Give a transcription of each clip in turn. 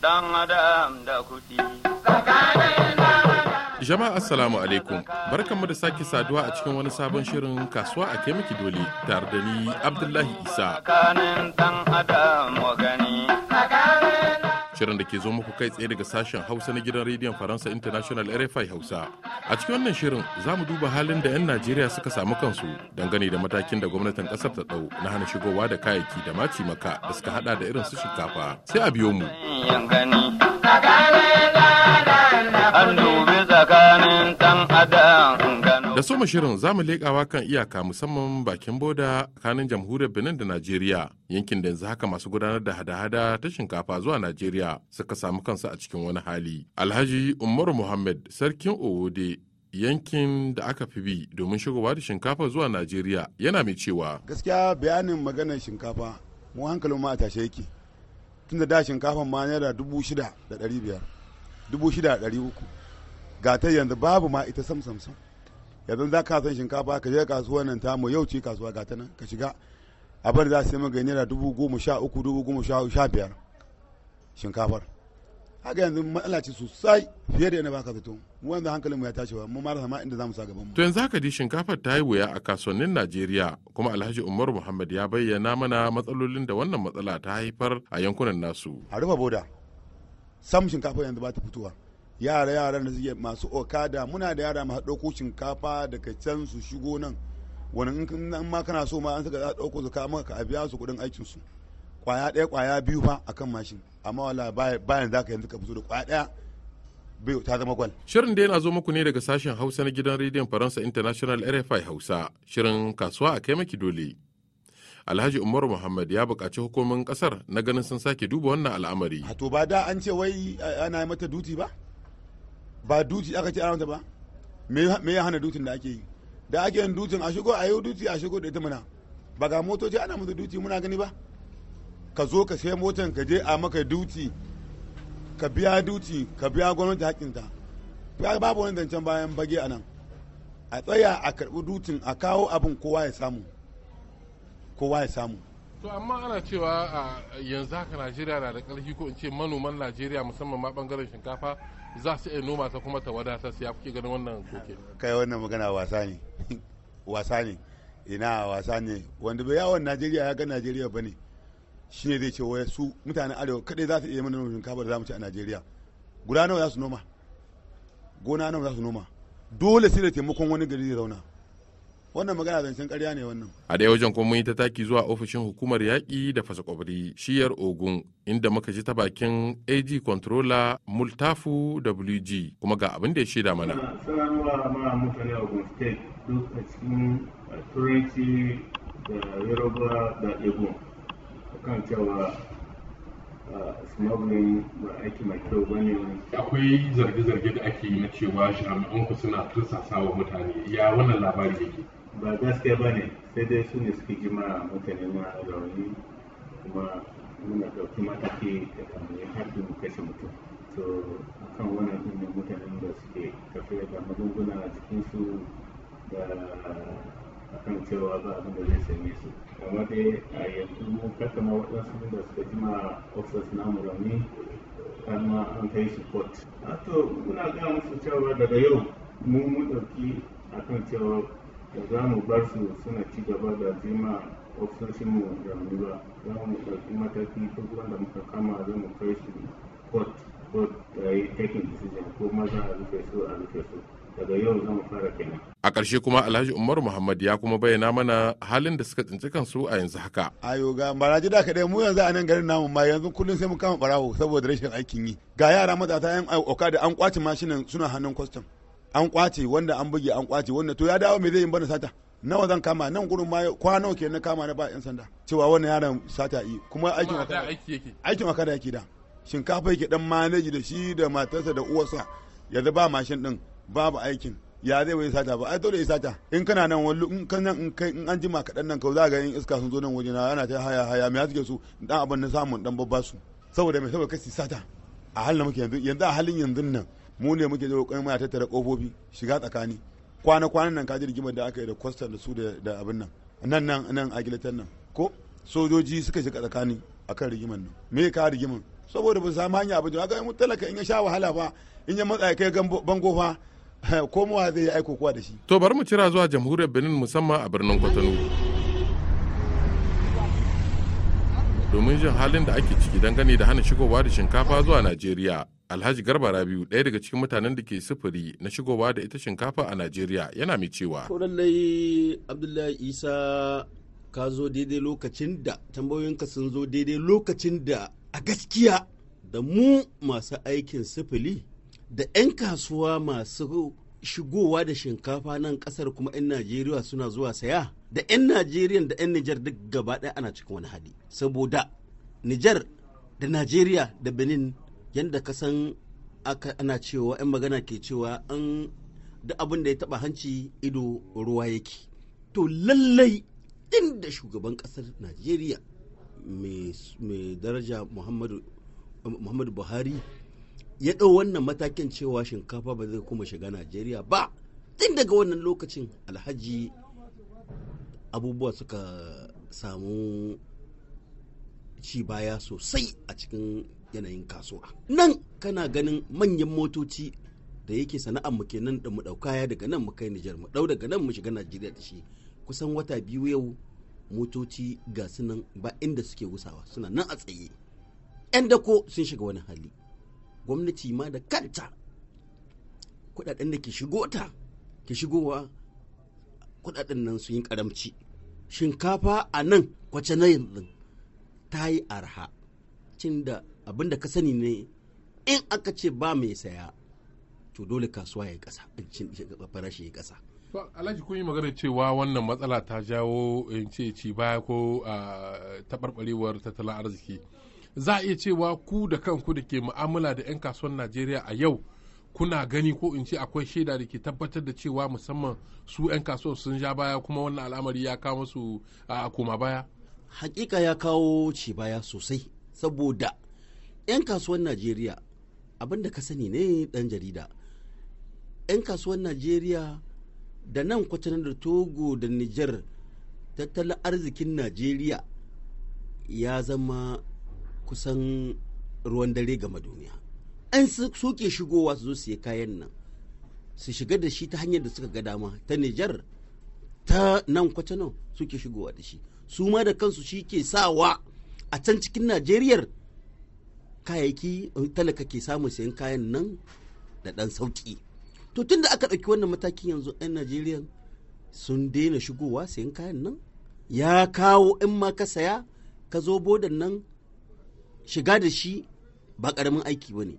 Dan adam da kuɗi. Jama'a Assalamu alaikum. Barkanmu da sake saduwa a cikin wani sabon shirin kasuwa a kai miki dole tare da ni Abdullahi Isa. Tsakanin dan adam wa gani. Shirin da ke zo muku kai tsaye daga sashen Hausa na gidan rediyon Faransa International RFI Hausa. A cikin wannan shirin za mu duba halin da 'yan Najeriya suka samu kansu dangane da matakin da gwamnatin kasar ta dau na hana shigowa da kayayyaki da maci maka da suka hada da irin su shinkafa. Sai a biyo mu. tsakanin Da soma shirin zamu mu leƙawa kan iyaka musamman bakin boda kanin jamhuriyar Benin da Najeriya yankin da yanzu haka masu gudanar da hada-hada ta shinkafa zuwa Najeriya suka samu kansu a cikin wani hali. Alhaji Umaru Muhammad sarkin Owode yankin da aka fi bi domin shigowa da shinkafa zuwa Najeriya yana mai cewa. Gaskiya bayanin maganar shinkafa mu hankalin ma a tashe yake tunda da shinkafa ma naira dubu shida da ɗari biyar dubu shida da ɗari uku ga ta yanzu babu ma ita sam sam sam. yanzu za ka san shinkafa ka je kasuwar nan tamu yau ci kasuwa ga ta nan ka shiga abin za su yi maka naira dubu goma sha uku dubu goma sha biyar shinkafar haka yanzu matsala ce sosai fiye da yana baka fito mu hankalin ya tashi ba mu mara sama ma inda zamu sa gaban mu to yanzu haka di shinkafar ta yi wuya a kasuwannin Najeriya kuma Alhaji umaru Muhammad ya bayyana mana matsalolin da wannan matsala ta haifar a yankunan nasu a rufe boda sam shinkafar yanzu ba ta fitowa yara yaran da suke masu okada muna da yara masu ɗauko shinkafa daga can su shigo nan wani in ma kana so ma an suka za ɗauko su kama ka biya su kuɗin aikin su kwaya ɗaya kwaya biyu fa akan mashin amma wala bayan za ka yanzu ka fito da kwaya ɗaya biyu ta zama gwal. Shirin da yana zo muku ne daga sashen Hausa na gidan rediyon Faransa International RFI Hausa shirin kasuwa a kai maki dole. Alhaji Umaru Muhammad ya buƙaci hukumomin ƙasar na ganin sun sake duba wannan al'amari. Hato ba da an ce wai ana mata duti ba? ba duti aka ce aramta ba me ya hana dutin da ake yi da ake yin dutin a shigo a yau duti a shigo da ita muna ba ga motoci ana musu duti muna gani ba ka zo ka sai motan ka je a maka duti ka biya duti ka biya gwamnati hakinta babu wani zancen bayan bage a nan a tsaya a karbi dutin a kawo abin kowa ya samu kowa ya samu to amma ana cewa yanzu haka najeriya na da karfi ko in ce manoman najeriya musamman ma bangaren shinkafa za su iya noma ta kuma ta wadatar su ya kuke ganin wannan koke kai wannan magana wasa ne wasa ne ina wasa ne wanda bai yawon najeriya ya ga najeriya ba ne shi ne zai ce wa su mutanen arewa kadai za su iya mana noma shinkafa da za mu ci a najeriya guda nawa za su noma gona nawa za su noma dole sai da taimakon wani gari zai zauna wannan magana zancen karya ne wannan a dai wajen kuma yi ta taki zuwa ofishin hukumar yaƙi da fasa kwabri shiyar ogun inda muka ji ta bakin ag controller multafu wg kuma ga abin da ya shaida mana a cikin turanci da yoruba akwai zarge-zarge da ake yi na cewa jami'an suna tursasa wa mutane ya wannan labari yake ba gaskiya ba ne sai dai su ne suke jima mutane ma rauni kuma muna ɗauki mataki da kamar haƙƙin mu kashe mutum to kan wannan ɗin ne mutanen da suke tafiya da magunguna a su da akan cewa ba abin da zai same su kamar dai a yanzu mun kakkama waɗansu da suka jima ofis namu rauni har ma an kai su to muna gaya musu cewa daga yau mu mu ɗauki akan cewa da za mu bar su suna ci gaba da jima mu da ba za mu ɗauki mataki duk wanda muka kama za mu kai su court court da yi taking decision ko maza a rufe su a rufe su daga yau za mu fara kenan. A ƙarshe kuma Alhaji Umar Muhammad ya kuma bayyana mana halin da suka tsinci kansu a yanzu haka. Ayo ga baraji da kaɗai mu yanzu a nan garin namu ma yanzu kullum sai mu kama barawo saboda rashin aikin yi. Ga yara mazata 'yan auka da an kwace mashinan suna hannun kwastam. an kwace wanda an buge an kwace wanda to ya dawo me zai yi bana sata nawa zan kama nan gurin ma kwano ke na kama na ba yan sanda cewa wannan yaron sata yi kuma aikin yake aikin da yake da shinkafa yake dan manaji da shi da matarsa da uwarsa yanzu ba mashin din babu aikin ya zai wai sata ba ai dole ya sata in kana nan wallu in kan nan in kai in an jima kaɗan nan ka za ga in iska sun zo nan waje na ana ta haya haya me suke su dan abin na samun dan babba su saboda mai saboda kasi sata a halin muke yanzu yanzu a halin yanzu nan mu ne muke jawo kai muna tattara kofofi shiga tsakani kwana kwanan nan kaji rigimar da aka yi da kwastar da su da abin nan nan nan nan agilatar nan ko sojoji suka shiga tsakani akan rigimar nan me ka rigimar saboda ba su samu hanya abin da aka yi talaka in ya sha wahala fa in ya matsa kai bango fa komowa zai yi aiko kuwa da shi to bari mu cira zuwa jamhuriyar benin musamman a birnin kwatano domin jin halin da ake ciki dangane da hana shigowa da shinkafa zuwa najeriya Alhaji Garba Rabiu ɗaya daga cikin mutanen da ke sufuri na shigowa da ita shinkafa a Najeriya yana mai cewa. To lallai Abdullahi Isa ka zo daidai lokacin da tambayoyinka sun zo daidai lokacin da a gaskiya da mu masu aikin sufuri da 'yan kasuwa masu shigowa da shinkafa nan kasar kuma 'yan Najeriya suna zuwa saya da 'yan Najeriya da 'yan Nijar duk gaba ɗaya ana cikin wani hali saboda Nijar da Najeriya da Benin yadda ka san ana cewa 'yan magana ke cewa an da abin da ya taba hanci ido ruwa yake to lallai inda shugaban kasar najeriya mai daraja muhammadu, buhari ya ɗau wannan matakin cewa shinkafa ba zai kuma shiga najeriya ba tun daga wannan lokacin alhaji abubuwa suka samu ci baya sosai a cikin yanayin kasuwa nan kana ganin manyan motoci da yake sana'ar mu kenan da mu ya daga nan mu kai Nijar mu ɗau daga nan mu shiga Najeriya da shi kusan wata biyu yau motoci ga su nan ba inda suke wusawa suna nan a tsaye yan dako sun shiga wani hali gwamnati ma da kanta kudaden da ke shigo ta ke shigowa kudaden nan sun yi karamci shinkafa a nan kwace na yanzu ta yi arha cin da abin da ka sani ne in aka ce ba mai saya to dole kasuwa ya kasa farashi ya kasa alhaji kun yi magana cewa wannan matsala ta jawo in ce ci baya ko taɓarɓarewar tattalin arziki za a iya cewa ku da kanku da ke mu'amala da 'yan kasuwar najeriya a yau kuna gani ko in ce akwai shaida da ke tabbatar da cewa musamman su 'yan kasuwar sun ja baya kuma wannan al'amari ya kawo su a koma baya hakika ya kawo ci baya sosai saboda 'yan kasuwan najeriya da ka sani ne dan jarida 'yan kasuwan najeriya da nan kwatana da togo da niger tattalin arzikin najeriya ya zama kusan ruwan dare gama duniya 'yan suke shigowa su zo su kayan nan su shiga da shi ta hanyar da suka ga dama ta niger ta nan kwatana suke shigowa da shi su ma da kansu shi ke sawa a can cikin najeriyar kayayyaki eh, talaka ke samun sayan kayan nan da ɗan sauƙi to tunda aka ɗauki wannan matakin yanzu 'yan najeriya sun daina shigowa sayan kayan nan ya kawo in ma ka saya ka zo bodan nan shiga da shi ba ƙaramin aiki ba ne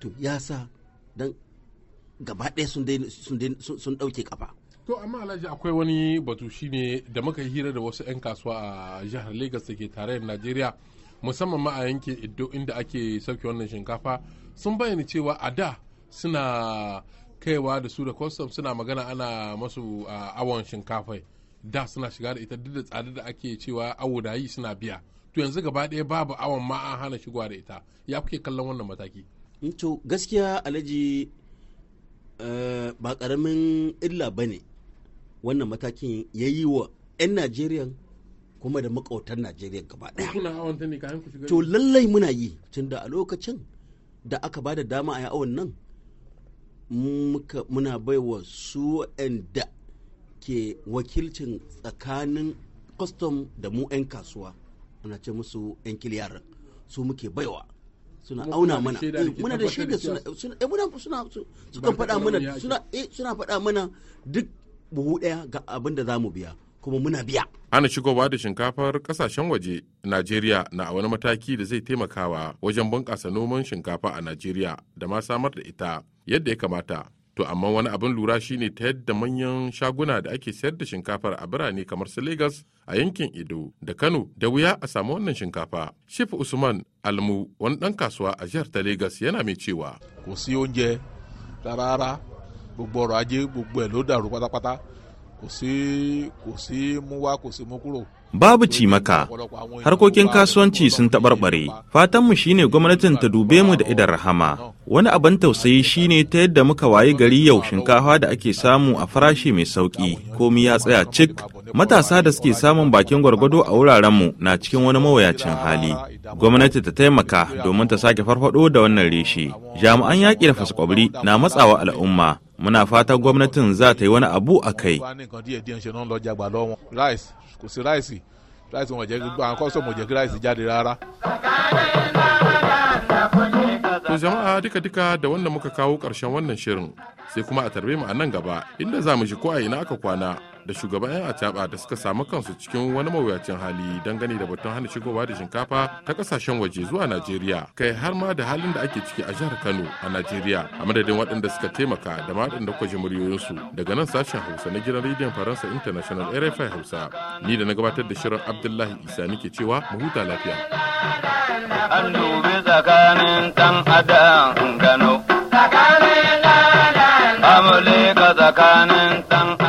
to ya sa don gaba ɗaya sun ɗauke kafa to amma alhaji akwai wani batu shine da muka hira da wasu 'yan kasuwa a jihar lagos da ke tarayyar najeriya musamman ma a yanke iddo inda ake sauke wannan shinkafa sun bayyana cewa a da suna kaiwa da su da kwastam suna magana ana masu awon shinkafa da suna shiga da ita duk da tsada da ake cewa awo da yi suna biya to yanzu gaba ɗaya babu awon ma an hana shigowa da ita ya kuke kallon wannan mataki to gaskiya alhaji eh, ba karamin illa bane ne wannan matakin ya wa 'yan najeriya kuma da makautar najeriya gaba ɗaya to lallai muna yi tunda a lokacin da aka ba da dama a yawon nan muna baiwa su da ke wakilcin tsakanin kwastam da mu 'yan kasuwa ana ce musu 'yan kiliyar su muke baiwa suna auna mana muna da shaida suna suna eh, faɗa mana eh, suna faɗa mana duk buhu ɗaya ga abin da za mu biya kuma muna biya ana shigowa da shinkafar kasashen waje najeriya na a wani mataki da zai taimakawa wajen bunƙasa noman shinkafa a najeriya da ma samar da ita yadda ya kamata to amma wani abin lura shine ta yadda manyan shaguna da ake sayar da shinkafar a birane kamar su lagos a yankin edo da kano da wuya a samu wannan shinkafa shif usman almu wani ɗan kasuwa a jihar ta lagos yana mai cewa Ko siyo oúnjẹ rárá gbogbo ọrọ̀ ajé gbogbo ẹ̀ ló dàrú pátápátá kò sí kò sí mú wá kò sí mú kúrò babu ci maka. harkokin kasuwanci sun taɓarɓare fatanmu shine gwamnatin ta dube mu da idan rahama wani abin tausayi shine ta yadda muka wayi gari yau shinkafa da ake samu a farashi mai sauƙi. komi ya tsaya cik matasa da suke samun bakin gwargwado a wurarenmu na cikin wani mawuyacin hali gwamnati ta taimaka domin ta sake farfado da wannan reshe jami'an yaƙi da faskwabri na matsawa al'umma muna fatan gwamnatin za ta yi wani abu a kai kò sí ráìsì ráìsì wọn jẹ́ gbogbo àwọn kọ́sọ̀mù jẹ́ ráìsì jáde rárá. jama'a duka-duka da wanda muka kawo karshen wannan shirin sai kuma a tarbe mu a nan gaba inda za mu shi ko a ina aka kwana da shugaban 'yan acaɓa da suka samu kansu cikin wani mawuyacin hali dangane da batun hana shigowa da shinkafa ta kasashen waje zuwa najeriya kai har ma da halin da ake ciki a jihar kano a najeriya a madadin waɗanda suka taimaka da ma waɗanda kwaji muryoyinsu daga nan sashen hausa na gidan rediyon faransa international rfi hausa ni da na gabatar da shirin abdullahi isa nike cewa mu huta lafiya. An dubi tsakanin ɗan adam gano. Tsakanin ɗan adam. ka tsakanin ɗan adam.